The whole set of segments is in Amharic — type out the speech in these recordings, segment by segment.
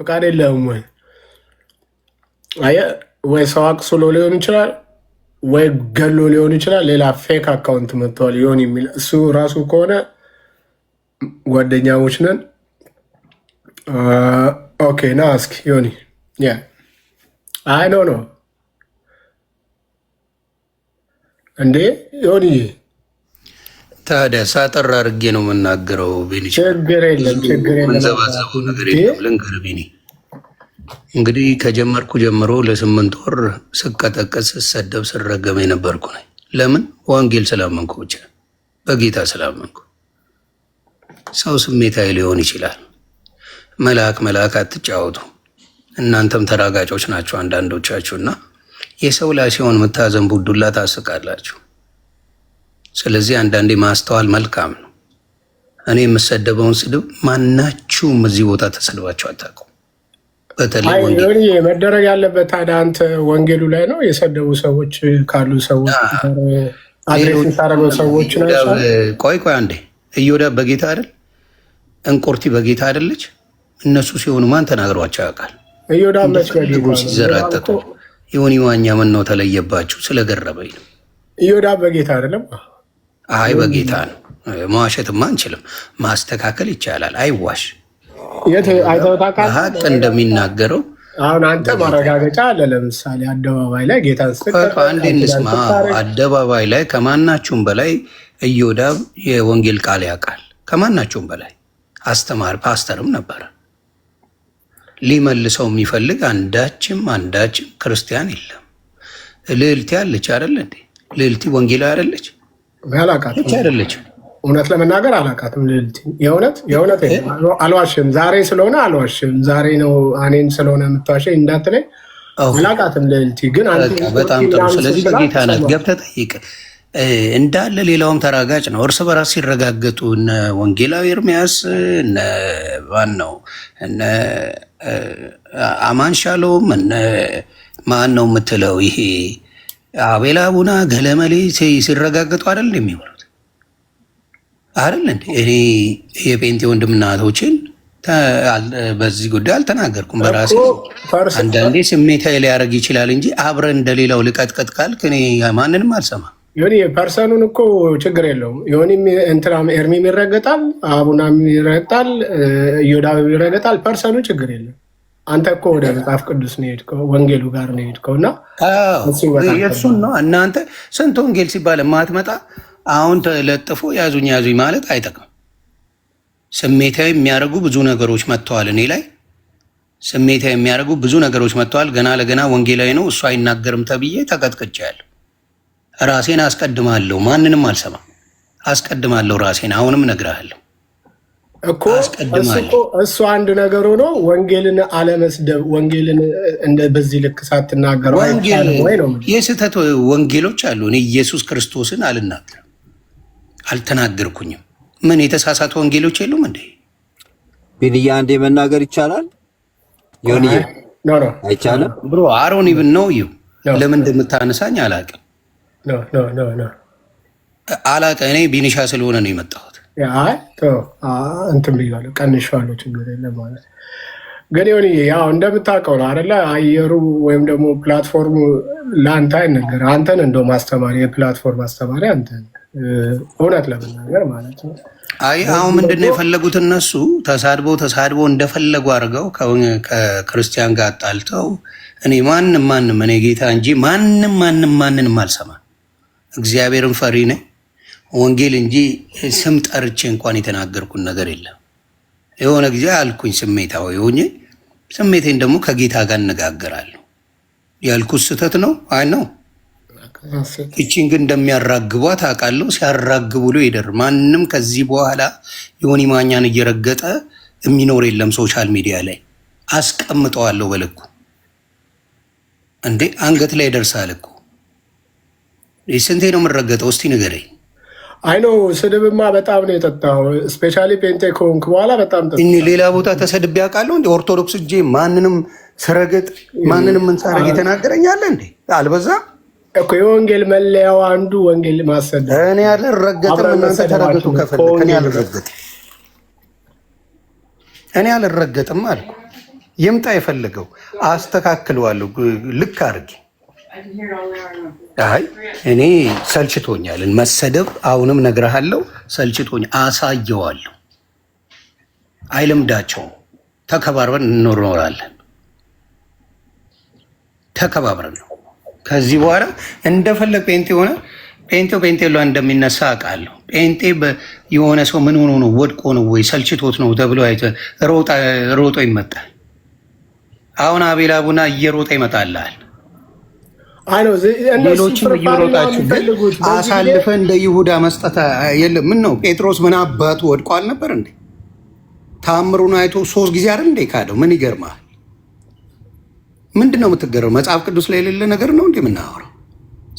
ፈቃድ የለህም ወይ? አየህ ወይ ሰው አቅስሎ ሊሆን ይችላል፣ ወይ ገሎ ሊሆን ይችላል። ሌላ ፌክ አካውንት መጥተዋል ሊሆን የሚል እሱ ራሱ ከሆነ ጓደኛሞች ነን። ኦኬ ና እስኪ ዮኒ አይ ኖ ኖ እንዴ ዮኒ ታዲያ ሳጠራ አድርጌ ነው የምናገረው። ቤኒ ችግር የለም ችግር የለም ነገር የለም። ልንገርህ ቤኒ እንግዲህ ከጀመርኩ ጀምሮ ለስምንት ወር ስቀጠቀስ ስሰደብ፣ ስረገም የነበርኩ ነኝ። ለምን ወንጌል ስላመንኩ ብቻ በጌታ ስላመንኩ። ሰው ስሜታዊ ሊሆን ይችላል። መልአክ መልአክ አትጫወቱ። እናንተም ተራጋጮች ናቸው አንዳንዶቻችሁ እና የሰው ላይ ሲሆን የምታዘንቡት ዱላ ታስቃላችሁ። ስለዚህ አንዳንዴ ማስተዋል መልካም ነው። እኔ የምሰደበውን ስድብ ማናችሁም እዚህ ቦታ ተሰድባችሁ አታውቁም። በተለይ መደረግ ያለበት ታዲያ አንተ ወንጌሉ ላይ ነው የሰደቡ ሰዎች ካሉ ሰዎች ቆይ ቆይ አንዴ እዮዳ በጌታ አይደል እንቁርቲ በጌታ አይደለች። እነሱ ሲሆኑ ማን ተናግሯቸው ያውቃል? እዮዳ ሲዘራጠቁ ይሁን ይዋኛ ምን ነው ተለየባችሁ? ስለገረበኝ ነው። እዮዳ በጌታ አይደለም። አይ በጌታ ነው መዋሸትማ አንችልም። ማስተካከል ይቻላል። አይዋሽ ሀቅ እንደሚናገረው አሁን አንተ ማረጋገጫ አለ። ለምሳሌ አደባባይ ላይ ጌታን አንዴ እንስማ። አደባባይ ላይ ከማናችሁም በላይ እዮዳብ የወንጌል ቃል ያውቃል። ከማናችሁም በላይ አስተማር ፓስተርም ነበረ። ሊመልሰው የሚፈልግ አንዳችም አንዳችም ክርስቲያን የለም። ልዕልቲ አለች እንዴ? ልዕልቲ ወንጌላዊ አይደለች? አላውቃትም አይደለችም። እውነት ለመናገር አላቃትም። ልልቲ የእውነት የእውነት አልዋሽም። ዛሬ ስለሆነ አልዋሽም። ዛሬ ነው እኔን ስለሆነ የምትዋሸኝ እንዳትለኝ። አላቃትም ልልቲ ግን በጣም ጥሩ። ስለዚህ በጌታ ናት ገብተህ ጠይቅ እንዳለ ሌላውም ተራጋጭ ነው። እርስ በራስ ሲረጋገጡ እነ ወንጌላዊ ኤርሚያስ እነ ነው እነ አማን ሻሎም እነ ማን ነው የምትለው ይሄ አቤላ ቡና ገለመሌ ሲረጋገጡ አይደል እንደሚሆኑት አይደል እንደ እኔ የጴንጤ ወንድምና በዚህ ጉዳይ አልተናገርኩም። በራሴ አንዳንዴ ስሜታዊ ሊያደርግ ይችላል እንጂ አብረ እንደሌላው ልቀጥቀጥ ካልክ እኔ ማንንም አልሰማ ሆኒ ፐርሰኑን እኮ ችግር የለውም። ሆኒም እንትና ኤርሚም ይረገጣል፣ አቡናም ይረግጣል፣ ዮዳብም ይረገጣል። ፐርሰኑ ችግር የለም። አንተ እኮ ወደ መጽሐፍ ቅዱስ ነው የሄድከው፣ ወንጌሉ ጋር ነው የሄድከው እና ነው እናንተ ስንት ወንጌል ሲባል የማትመጣ አሁን ተለጥፎ ያዙኝ ያዙኝ ማለት አይጠቅም። ስሜታዊ የሚያደርጉ ብዙ ነገሮች መጥተዋል። እኔ ላይ ስሜታዊ የሚያደርጉ ብዙ ነገሮች መጥተዋል። ገና ለገና ወንጌላዊ ነው እሱ አይናገርም ተብዬ ተቀጥቅጫለሁ። ራሴን አስቀድማለሁ፣ ማንንም አልሰማም። አስቀድማለሁ ራሴን። አሁንም እነግርሃለሁ እኮ እሱ አንድ ነገር ሆኖ ወንጌልን አለመስደብ ወንጌልን በዚህ ልክ ሳትናገረው የስህተት ወንጌሎች አሉ። እኔ ኢየሱስ ክርስቶስን አልናገርም አልተናገርኩኝም። ምን የተሳሳት ወንጌሎች የሉም እንዴ? ቢንያ አንዴ መናገር ይቻላል ሆን አይቻልም ብሎ አሮን ብን ነው ዩ ለምን እንደምታነሳኝ አላውቅም አላውቅም። እኔ ቢንሻ ስለሆነ ነው የመጣሁት እንትን ብያለሁ ቀንሼዋለሁ፣ ችግር የለም ማለት ግን ሆን ያው እንደምታውቀው ነው አደለ? አየሩ ወይም ደግሞ ፕላትፎርሙ ለአንተ አይነገር፣ አንተን እንደ ማስተማሪ የፕላትፎርም አስተማሪ አንተን እውነት ለመናገር ማለት ነው። አይ አሁን ምንድነው የፈለጉት እነሱ ተሳድበው ተሳድበው እንደፈለጉ አድርገው ከክርስቲያን ጋር አጣልተው እኔ ማንም ማንም እኔ ጌታ እንጂ ማንም ማንም ማንንም አልሰማ እግዚአብሔርን ፈሪ ነኝ ወንጌል እንጂ ስም ጠርቼ እንኳን የተናገርኩን ነገር የለም። የሆነ ጊዜ አልኩኝ ስሜታዊ ሆኜ ስሜቴን ደግሞ ከጌታ ጋር እነጋገራለሁ። ያልኩት ስህተት ነው አይ ነው። እቺን ግን እንደሚያራግቧት አውቃለሁ። ሲያራግቡ ይደር። ማንም ከዚህ በኋላ የሆኒ ማኛን እየረገጠ የሚኖር የለም። ሶሻል ሚዲያ ላይ አስቀምጠዋለሁ። በልኩ እንዴ አንገት ላይ ደርሳል እኮ። ስንቴ ነው የምንረገጠው? እስቲ ንገረኝ። አይኖ ስድብማ በጣም ነው የጠጣው። ስፔሻሊ ፔንቴ ከሆንክ በኋላ በጣም ጠጣ። ሌላ ቦታ ተሰድቤ ያውቃለሁ እንዴ? ኦርቶዶክስ እጄ ማንንም ስረግጥ ማንንም እንሳረግ የተናገረኛለ እንዴ? አልበዛ እኮ የወንጌል መለያው አንዱ ወንጌል ማሰደ እኔ አልረገጥም። እናንተ ተረገጡ ከፈለክ እኔ አልረገጥም፣ እኔ አልረገጥም አልኩ። ይምጣ የፈለገው አስተካክለዋለሁ ልክ አድርጌ አይ እኔ ሰልችቶኛል፣ መሰደብ አሁንም ነግረሃለሁ። ሰልችቶኛል፣ አሳየዋለሁ። አይለምዳቸው ተከባብረን እንኖራለን። ተከባብረን ነው። ከዚህ በኋላ እንደፈለግ ጴንጤ ሆነ ጴንጤው ጴንጤ ላ እንደሚነሳ አውቃለሁ። ጴንጤ የሆነ ሰው ምን ሆኖ ነው ወድቆ ነው ወይ ሰልችቶት ነው ተብሎ ሮጦ ይመጣል። አሁን አቤላ ቡና እየሮጠ ይመጣልሃል። ሌሎችም እየሮጣችሁ ግን አሳልፈ እንደ ይሁዳ መስጠት የለም። ምን ነው ጴጥሮስ ምን አባቱ ወድቆ አልነበር እንዴ? ታምሩን አይቶ ሶስት ጊዜ አይደል እንዴ ካደው? ምን ይገርማል? ምንድን ነው የምትገረው? መጽሐፍ ቅዱስ ላይ የሌለ ነገር ነው እንዴ የምናወራው?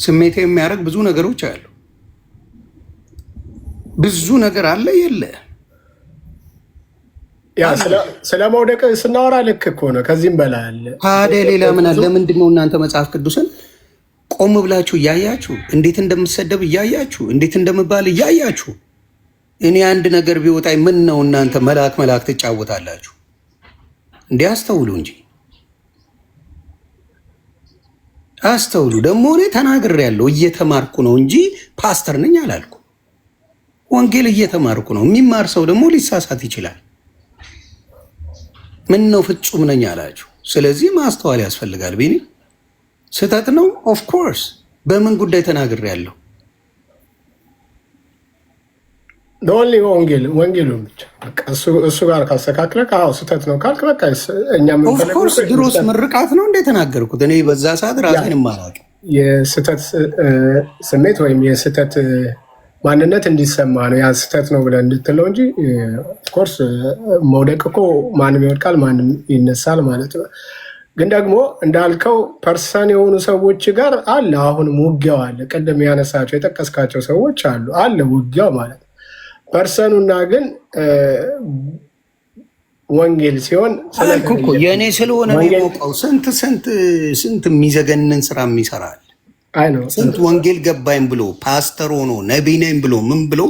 ስሜት የሚያደርግ ብዙ ነገሮች አሉ። ብዙ ነገር አለ የለ ስለ መውደቅ ስናወራ ልክ እኮ ነው። ከዚህም በላይ አለ። ታዲያ ሌላ ምን አለ? ምንድን ነው እናንተ መጽሐፍ ቅዱስን ቆም ብላችሁ እያያችሁ እንዴት እንደምሰደብ እያያችሁ እንዴት እንደምባል እያያችሁ እኔ አንድ ነገር ቢወጣኝ ምን ነው እናንተ መልአክ መልአክ ትጫወታላችሁ? እንዲህ አስተውሉ እንጂ አስተውሉ። ደግሞ እኔ ያለው እየተማርኩ ነው እንጂ ፓስተር ነኝ አላልኩ። ወንጌል እየተማርኩ ነው። የሚማር ሰው ደግሞ ሊሳሳት ይችላል። ምን ነው ፍጹም ነኝ አላችሁ? ስለዚህ ማስተዋል ያስፈልጋል ቢኔ ስህተት ነው። ኦፍኮርስ በምን ጉዳይ ተናግሬያለሁ? በኦንሊ ወንጌል ወንጌሉን ብቻ እሱ ጋር ካስተካክለ ስህተት ነው ካልክ በቃ እኛ ኦፍኮርስ ድሮስ ምርቃት ነው እንደ እኔ በዛ ሰዓት ራሴን ማራቅ የስህተት ስሜት ወይም የስህተት ማንነት እንዲሰማ ነው ያ ስህተት ነው ብለን እንድትለው እንጂ ኦፍኮርስ መውደቅ እኮ ማንም ይወድቃል፣ ማንም ይነሳል ማለት ነው። ግን ደግሞ እንዳልከው ፐርሰን የሆኑ ሰዎች ጋር አለ አሁንም ውጊያው አለ። ቅድም ያነሳቸው የጠቀስካቸው ሰዎች አሉ አለ ውጊያው ማለት ነው። ፐርሰኑና ግን ወንጌል ሲሆን ስለኩኮ የእኔ ስለሆነ የሚሞቀው ስንት ስንት ስንት የሚዘገንን ስራ የሚሰራል ስንት ወንጌል ገባኝ ብሎ ፓስተር ሆኖ ነቢይ ነኝ ብሎ ምን ብሎ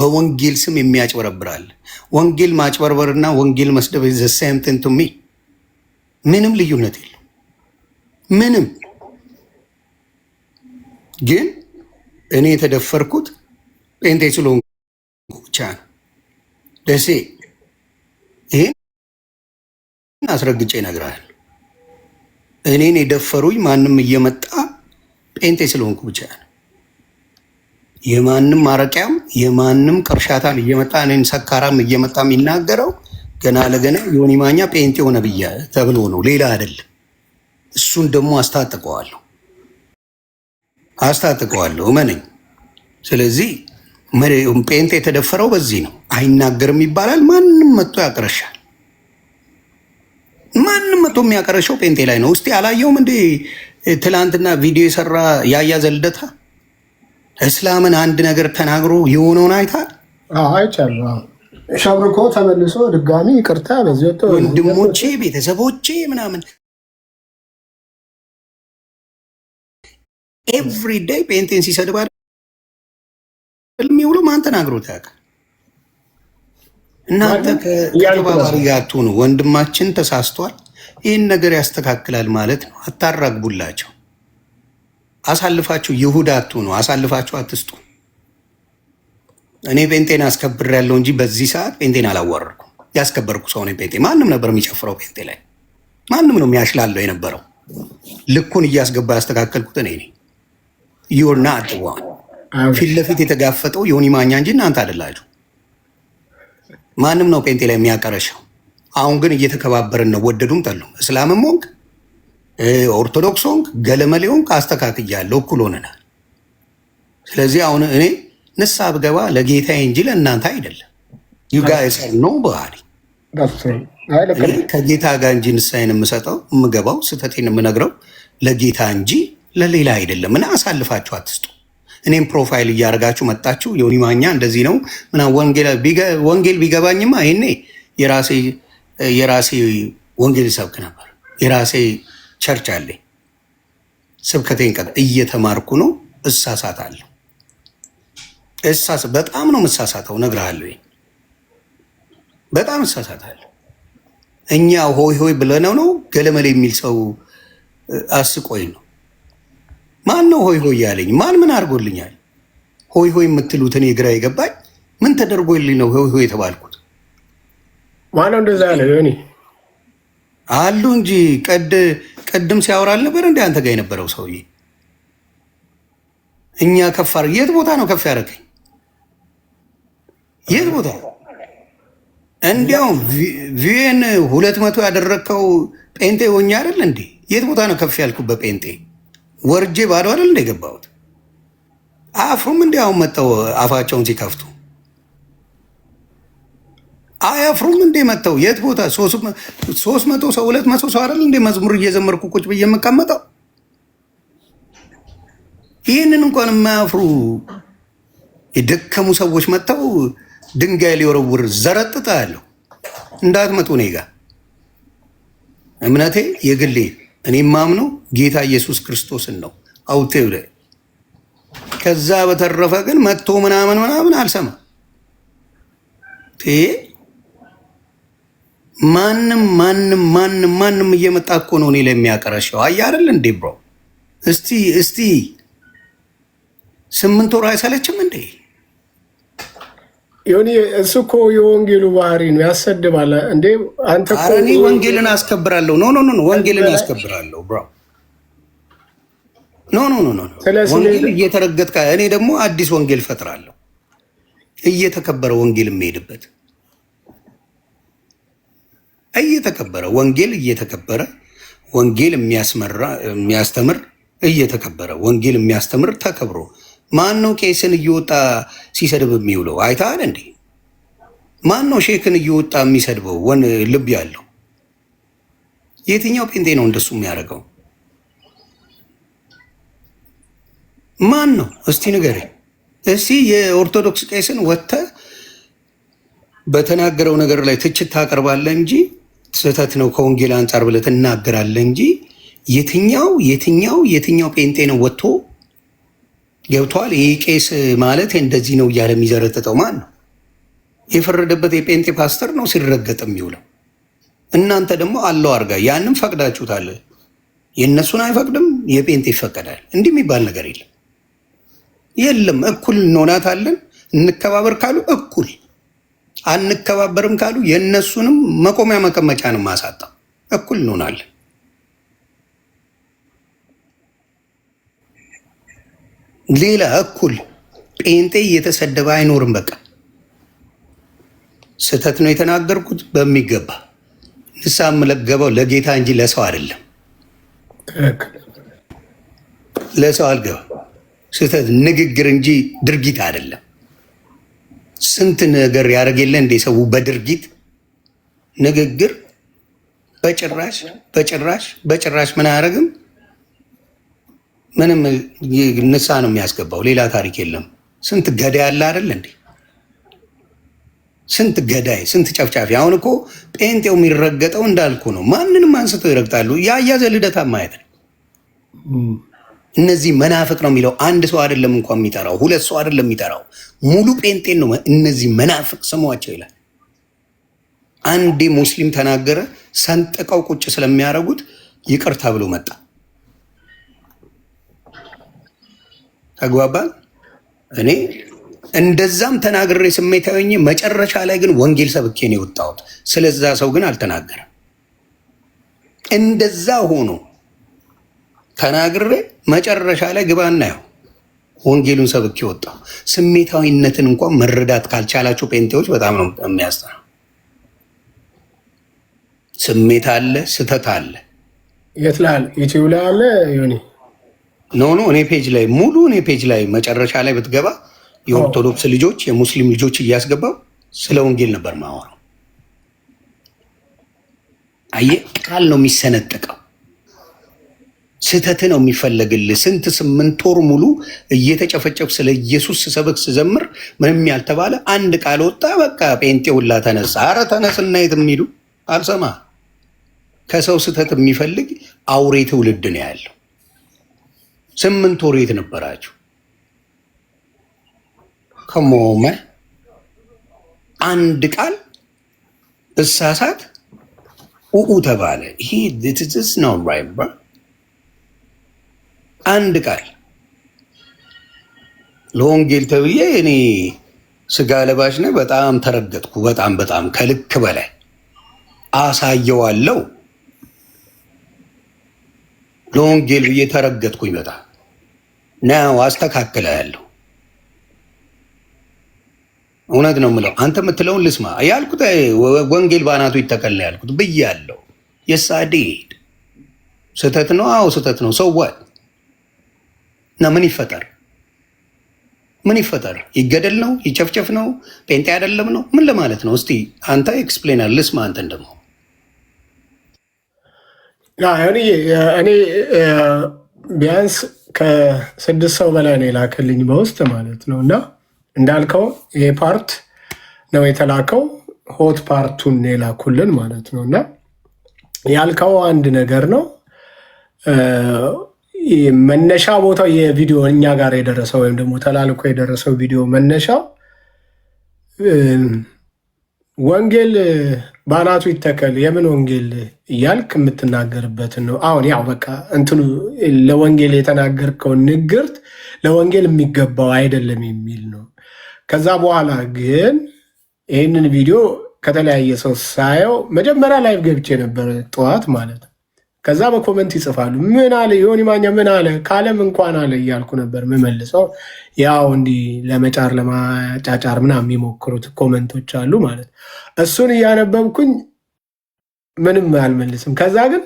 በወንጌል ስም የሚያጭበረብራል። ወንጌል ማጭበርበርና ወንጌል መስደብ ዘሳይምትን ምንም ልዩነት የለው ምንም ግን እኔ የተደፈርኩት ጴንጤ ስለሆንኩ ብቻ ነው። ደሴ ይህን አስረግጬ እነግርሃለሁ። እኔን የደፈሩኝ ማንም እየመጣ ጴንጤ ስለሆንኩ ብቻ ነው። የማንም ማረቂያም የማንም ቅርሻታም እየመጣ እኔን ሰካራም እየመጣ የሚናገረው ገና ለገና ዮኒ ማኛ ጴንጤ ሆነ ብያ ተብሎ ነው፣ ሌላ አይደለም። እሱን ደግሞ አስታጥቀዋለሁ አስታጥቀዋለሁ፣ እመነኝ። ስለዚህ ጴንጤ የተደፈረው በዚህ ነው። አይናገርም ይባላል። ማንም መጥቶ ያቀረሻል። ማንም መጥቶ የሚያቀረሸው ጴንጤ ላይ ነው። እስቲ አላየውም እንዴ? ትላንትና ቪዲዮ የሰራ ያያ ዘልደታ እስላምን አንድ ነገር ተናግሮ የሆነውን አይታል። አይቻለሁ ሸብርኮ ተመልሶ ድጋሚ ይቅርታ በዚህ ወጥ ወንድሞቼ፣ ቤተሰቦቼ ምናምን ኤቭሪ ዴይ ጴንቴን ሲሰድብ የሚውሉ ማን ተናግሮት ያውቃል? እናንተ ከተባባሪ ጋር አትሁኑ። ወንድማችን ተሳስቷል፣ ይህን ነገር ያስተካክላል ማለት ነው። አታራግቡላቸው። አሳልፋችሁ ይሁዳ ነው። አሳልፋችሁ አትስጡ። እኔ ጴንጤን አስከብር ያለው እንጂ በዚህ ሰዓት ጴንጤን አላዋረድኩም። ያስከበርኩ ሰው እኔ ጴንጤ ማንም ነበር የሚጨፍረው ጴንጤ ላይ ማንም ነው የሚያሽላለው የነበረው። ልኩን እያስገባ ያስተካከልኩት እኔ ነኝ። ዩርና አጥዋን ፊት ለፊት የተጋፈጠው ዮኒ ማኛ እንጂ እናንተ አደላችሁ። ማንም ነው ጴንጤ ላይ የሚያቀረሸው። አሁን ግን እየተከባበርን ነው፣ ወደዱም ጠሉም። እስላምም ሆንክ ኦርቶዶክስ ሆንክ ገለመሌ ሆንክ አስተካክያለሁ፣ እኩል ሆነናል። ስለዚህ አሁን እኔ ንሳ ብገባ ለጌታ እንጂ ለእናንተ አይደለም። ዩጋይስ ኖ ባህሪ ከጌታ ጋር እንጂ ንሳይን የምሰጠው የምገባው ስህተቴን የምነግረው ለጌታ እንጂ ለሌላ አይደለም። እና አሳልፋችሁ አትስጡ። እኔም ፕሮፋይል እያደርጋችሁ መጣችሁ ዮኒ ማኛ እንደዚህ ነው ምና ወንጌል ቢገባኝማ ይሄኔ የራሴ ወንጌል ሰብክ ነበር። የራሴ ቸርች አለኝ። ስብከቴን ቀጥ እየተማርኩ ነው። እሳሳታለሁ። እሳስ በጣም ነው የምሳሳተው፣ እነግርሃለሁ። በጣም እሳሳታለሁ። እኛ ሆይ ሆይ ብለነው ነው ገለመል የሚል ሰው አስቆይ ነው። ማን ነው ሆይ ሆይ ያለኝ? ማን ምን አድርጎልኛል? ሆይ ሆይ የምትሉት እኔ ግራ የገባኝ ምን ተደርጎልኝ ነው ሆይ ሆይ የተባልኩት? ማነው እንደዛ ያለ ሆኒ አሉ እንጂ ቀድም ሲያወራ አልነበር እንደ አንተ ጋር የነበረው ሰውዬ እኛ ከፍ የት ቦታ ነው ከፍ ያደረገኝ? የት ቦታ እንዲያውም ቪዌን ሁለት መቶ ያደረግከው ጴንጤ ሆኜ አይደል እንዴ? የት ቦታ ነው ከፍ ያልኩ? በጴንጤ ወርጄ ባዶ አይደል እንደ የገባሁት? አያፍሩም? እንዲያውም መጥተው አፋቸውን ሲከፍቱ አያፍሩም እንዴ? መጥተው የት ቦታ ሶስት መቶ ሰው ሁለት መቶ ሰው አይደል እንዴ? መዝሙር እየዘመርኩ ቁጭ ብዬ የምቀመጠው ይህንን እንኳን የማያፍሩ የደከሙ ሰዎች መጥተው ድንጋይ ሊወረውር ዘረጥጣ ያለሁ እንዳትመጡ እኔ ጋ እምነቴ የግሌ እኔ ማምነው ጌታ ኢየሱስ ክርስቶስን ነው። አውቴ ብለ ከዛ በተረፈ ግን መጥቶ ምናምን ምናምን አልሰማ ማንም ማንም ማንም ማንም እየመጣ እኮ ነው እኔ ለሚያቀረሸው አያ አይደል እንዴ ብሮ እስቲ እስቲ ስምንት ወር አይሰለችም እንዴ? ዮኒ እሱ እኮ የወንጌሉ ባህሪ ነው። ያሰድባል እንዴ አንተ። ኧረ እኔ ወንጌልን አስከብራለሁ። ኖ ኖ ኖ ወንጌልን አስከብራለሁ ብሮ ኖ ኖ ኖ ወንጌል እየተረገጥካ፣ እኔ ደግሞ አዲስ ወንጌል ፈጥራለሁ። እየተከበረ ወንጌል የሚሄድበት እየተከበረ ወንጌል እየተከበረ ወንጌል የሚያስመራ የሚያስተምር እየተከበረ ወንጌል የሚያስተምር ተከብሮ ማን ነው ቄስን እየወጣ ሲሰድብ የሚውለው? አይተሃል እንዴ? ማን ነው ሼክን እየወጣ የሚሰድበው? ወን ልብ ያለው የትኛው ጴንጤ ነው እንደሱ የሚያደርገው? ማን ነው እስቲ ንገረኝ። እስቲ የኦርቶዶክስ ቄስን ወጥተ በተናገረው ነገር ላይ ትችት ታቀርባለ እንጂ ስህተት ነው ከወንጌል አንጻር ብለህ ትናገራለ እንጂ የትኛው የትኛው የትኛው ጴንጤ ነው ወጥቶ ገብቷል። ይህ ቄስ ማለት እንደዚህ ነው እያለ የሚዘረጥጠው ማን ነው? የፈረደበት የጴንጤ ፓስተር ነው ሲረገጥ የሚውለው። እናንተ ደግሞ አለው አርጋ ያንም ፈቅዳችሁታል። የእነሱን አይፈቅድም፣ የጴንጤ ይፈቀዳል። እንዲህ የሚባል ነገር የለም የለም። እኩል እንሆናታለን እንከባበር ካሉ እኩል አንከባበርም ካሉ የእነሱንም መቆሚያ መቀመጫንም አሳጣ። እኩል እንሆናለን። ሌላ እኩል ጴንጤ እየተሰደበ አይኖርም። በቃ ስህተት ነው የተናገርኩት በሚገባ ንሳ የምገባው ለጌታ እንጂ ለሰው አይደለም። ለሰው አልገባም። ስህተት ንግግር እንጂ ድርጊት አይደለም። ስንት ነገር ያደርግ የለ እንደ ሰው በድርጊት ንግግር በጭራሽ በጭራሽ በጭራሽ ምን አያደርግም። ምንም ንሳ ነው የሚያስገባው። ሌላ ታሪክ የለም። ስንት ገዳይ አለ አይደል እንዴ? ስንት ገዳይ፣ ስንት ጨፍጫፊ። አሁን እኮ ጴንጤው የሚረገጠው እንዳልኩ ነው። ማንንም አንስተው ይረግጣሉ። የአያዘ ልደታ ማየት ነው። እነዚህ መናፍቅ ነው የሚለው አንድ ሰው አይደለም እንኳን የሚጠራው፣ ሁለት ሰው አይደለም የሚጠራው፣ ሙሉ ጴንጤን ነው። እነዚህ መናፍቅ ስሟቸው ይላል። አንዴ ሙስሊም ተናገረ ሰንጥቀው ቁጭ ስለሚያደርጉት ይቅርታ ብሎ መጣ። ተግባባል። እኔ እንደዛም ተናግሬ ስሜታዊ መጨረሻ ላይ ግን ወንጌል ሰብኬ ነው የወጣሁት ስለዛ ሰው ግን አልተናገረም። እንደዛ ሆኖ ተናግሬ መጨረሻ ላይ ግባ እናየው ወንጌሉን ሰብኬ ወጣሁ። ስሜታዊነትን እንኳን መረዳት ካልቻላችሁ ጴንጤዎች በጣም ነው የሚያስጠና። ስሜት አለ፣ ስተት አለ። የት ላይ አለ? ዩቲዩብ ላይ አለ ኖኖ እኔ ፔጅ ላይ ሙሉ እኔ ፔጅ ላይ መጨረሻ ላይ ብትገባ የኦርቶዶክስ ልጆች የሙስሊም ልጆች እያስገባው ስለ ወንጌል ነበር ማወራው። አየህ ቃል ነው የሚሰነጥቀው። ስህተት ነው የሚፈለግልህ። ስንት ስምንት ወር ሙሉ እየተጨፈጨፍ ስለ ኢየሱስ ስሰብክ ስዘምር ምንም ያልተባለ አንድ ቃል ወጣ። በቃ ጴንጤ ሁላ ተነሳ። አረ ተነስና የት የሚሉ አልሰማ። ከሰው ስህተት የሚፈልግ አውሬ ትውልድ ነው ያለው። ስምንት ወር የት ነበራችሁ? ከሞመ አንድ ቃል እሳሳት ኡኡ ተባለ። ይሄ ስ ነው አንድ ቃል ለወንጌል ተብዬ እኔ ስጋ ለባሽ ነኝ። በጣም ተረገጥኩ። በጣም በጣም ከልክ በላይ አሳየዋለው ለወንጌል ብዬ ተረገጥኩኝ። በጣም ነው አስተካክለ ያለው እውነት ነው የምለው። አንተ የምትለውን ልስማ ያልኩት ወንጌል በአናቱ ይተከል ያልኩት ብዬ ያለው የሳዴድ ስህተት ነው። አዎ ስህተት ነው። ሰው ዋል እና ምን ይፈጠር ምን ይፈጠር? ይገደል ነው? ይጨፍጨፍ ነው? ጴንጤ አይደለም ነው? ምን ለማለት ነው? እስቲ አንተ ኤክስፕሌን ልስማ አንተን ደግሞ እኔ ቢያንስ ከስድስት ሰው በላይ ነው የላከልኝ በውስጥ ማለት ነው። እና እንዳልከው ይሄ ፓርት ነው የተላከው፣ ሆት ፓርቱን የላኩልን ማለት ነው። እና ያልከው አንድ ነገር ነው መነሻ ቦታው የቪዲዮ እኛ ጋር የደረሰው ወይም ደግሞ ተላልኮ የደረሰው ቪዲዮ መነሻው ወንጌል በአናቱ ይተከል የምን ወንጌል እያልክ የምትናገርበትን ነው። አሁን ያው በቃ እንትኑ ለወንጌል የተናገርከው ንግርት ለወንጌል የሚገባው አይደለም የሚል ነው። ከዛ በኋላ ግን ይህንን ቪዲዮ ከተለያየ ሰው ሳየው መጀመሪያ ላይቭ ገብቼ ነበር ጠዋት ማለት ነው ከዛ በኮመንት ይጽፋሉ። ምን አለ ዮኒ ማኛ ምን አለ ካለም እንኳን አለ እያልኩ ነበር የምመልሰው። ያው እንዲህ ለመጫር ለማጫጫር ምና የሚሞክሩት ኮመንቶች አሉ ማለት እሱን እያነበብኩኝ ምንም አልመልስም። ከዛ ግን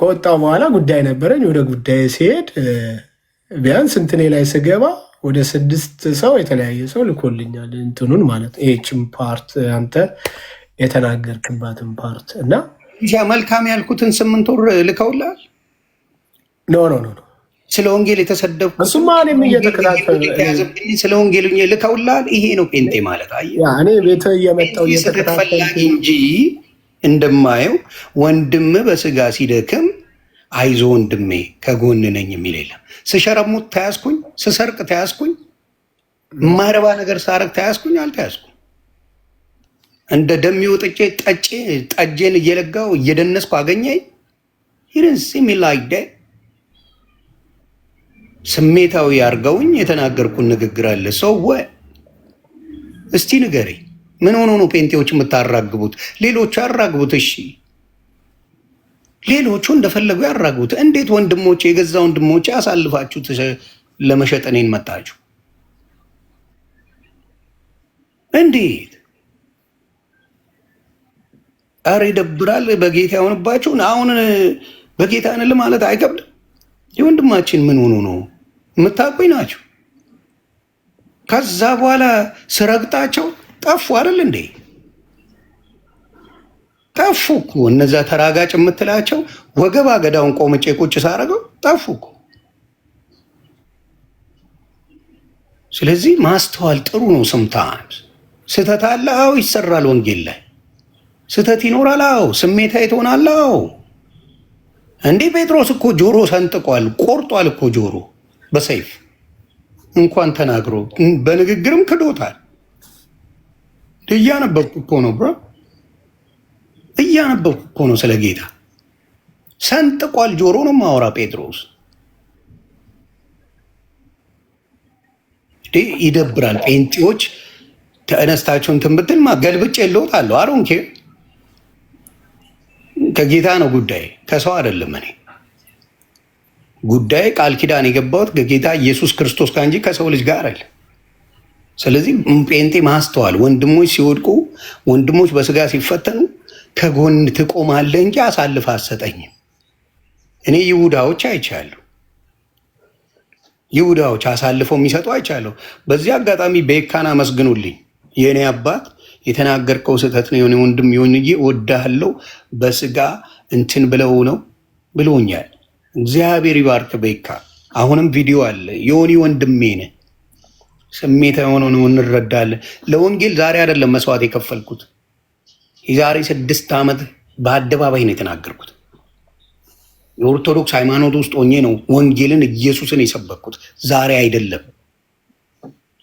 ከወጣው በኋላ ጉዳይ ነበረኝ። ወደ ጉዳይ ሲሄድ ቢያንስ እንትኔ ላይ ስገባ ወደ ስድስት ሰው የተለያየ ሰው ልኮልኛል። እንትኑን ማለት ይህችም ፓርት አንተ የተናገርክባትን ፓርት እና መልካም ያልኩትን ስምንት ወር ልከውላል። ኖ ኖ ኖ ስለ ወንጌል የተሰደብኩት እሱማ እኔም እየተከታተልኩኝ ስለ ወንጌል ልከውላል። ይሄ ነው ጴንጤ ማለት። አየህ እኔ ቤተ እየመጣሁ ፈላጊ እንጂ እንደማየው ወንድም በስጋ ሲደክም አይዞ ወንድሜ ከጎን ነኝ የሚል የለም። ስሸረሙት ተያዝኩኝ፣ ስሰርቅ ተያዝኩኝ፣ የማይረባ ነገር ሳረግ ተያዝኩኝ፣ አልተያዝኩም እንደ ደም ወጥቼ ጠጬ ጠጄን እየለጋው እየደነስኩ አገኘኝ። ይህን ሲሚ ላይክ ስሜታዊ አድርገውኝ የተናገርኩን ንግግር አለ። ሰው ወ እስቲ ንገሪ፣ ምን ሆኖ ነው ጴንጤዎች የምታራግቡት? ሌሎቹ ያራግቡት፣ እሺ ሌሎቹ እንደፈለጉ ያራግቡት። እንዴት ወንድሞች የገዛ ወንድሞች አሳልፋችሁ ለመሸጠኔን መጣችሁ? እንዴት ኧረ ይደብራል። በጌታ የሆንባችሁ አሁን በጌታ ንል ማለት አይከብድም። የወንድማችን ምን ሆኑ ነው የምታቆኝ ናቸው። ከዛ በኋላ ስረግጣቸው ጠፉ አይደል እንዴ? ጠፉ እኮ እነዛ ተራጋጭ የምትላቸው ወገብ አገዳውን ቆምጬ ቁጭ ሳረገው ጠፉ እኮ። ስለዚህ ማስተዋል ጥሩ ነው። ስምታ ስህተት አለ፣ አዎ ይሰራል ወንጌል ላይ ስህተት ይኖራል። አዎ ስሜታዊ ትሆናለህ። አዎ እንዴ ጴጥሮስ እኮ ጆሮ ሰንጥቋል፣ ቆርጧል እኮ ጆሮ በሰይፍ እንኳን ተናግሮ በንግግርም ክዶታል። እያነበብኩ እኮ ነው ብሮ፣ እያነበብኩ እኮ ነው ስለ ጌታ ሰንጥቋል። ጆሮ ነው ማወራ ጴጥሮስ። ይደብራል። ጴንጤዎች ተነስታችሁን ትንብትል ማ ገልብጭ የለውት አለው አሮንኬ ከጌታ ነው ጉዳይ፣ ከሰው አይደለም። እኔ ጉዳይ ቃል ኪዳን የገባሁት ከጌታ ኢየሱስ ክርስቶስ ጋር እንጂ ከሰው ልጅ ጋር አይደለም። ስለዚህ ጴንጤ ማስተዋል፣ ወንድሞች ሲወድቁ፣ ወንድሞች በስጋ ሲፈተኑ ከጎን ትቆማለህ እንጂ አሳልፍ አሰጠኝም። እኔ ይሁዳዎች አይቻሉ፣ ይሁዳዎች አሳልፈው የሚሰጡ አይቻለሁ። በዚህ አጋጣሚ ቤካን አመስግኑልኝ የእኔ አባት የተናገርከው ስህተት ነው። የሆነ ወንድም የሆንዬ ወዳለው በስጋ እንትን ብለው ነው ብሎኛል። እግዚአብሔር ይባርክ በይካ። አሁንም ቪዲዮ አለ። የሆኒ ወንድሜ ነ ስሜት የሆነውን እንረዳለን። ለወንጌል ዛሬ አይደለም መስዋዕት የከፈልኩት። የዛሬ ስድስት ዓመት በአደባባይ ነው የተናገርኩት። የኦርቶዶክስ ሃይማኖት ውስጥ ሆኜ ነው ወንጌልን ኢየሱስን የሰበኩት። ዛሬ አይደለም።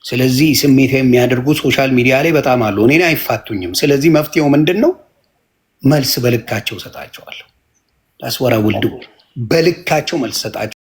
ስለዚህ ስሜት የሚያደርጉ ሶሻል ሚዲያ ላይ በጣም አሉ። እኔን አይፋቱኝም። ስለዚህ መፍትሄው ምንድን ነው? መልስ በልካቸው ሰጣቸዋለሁ። ወራ ውልዱ በልካቸው መልስ ሰጣቸው።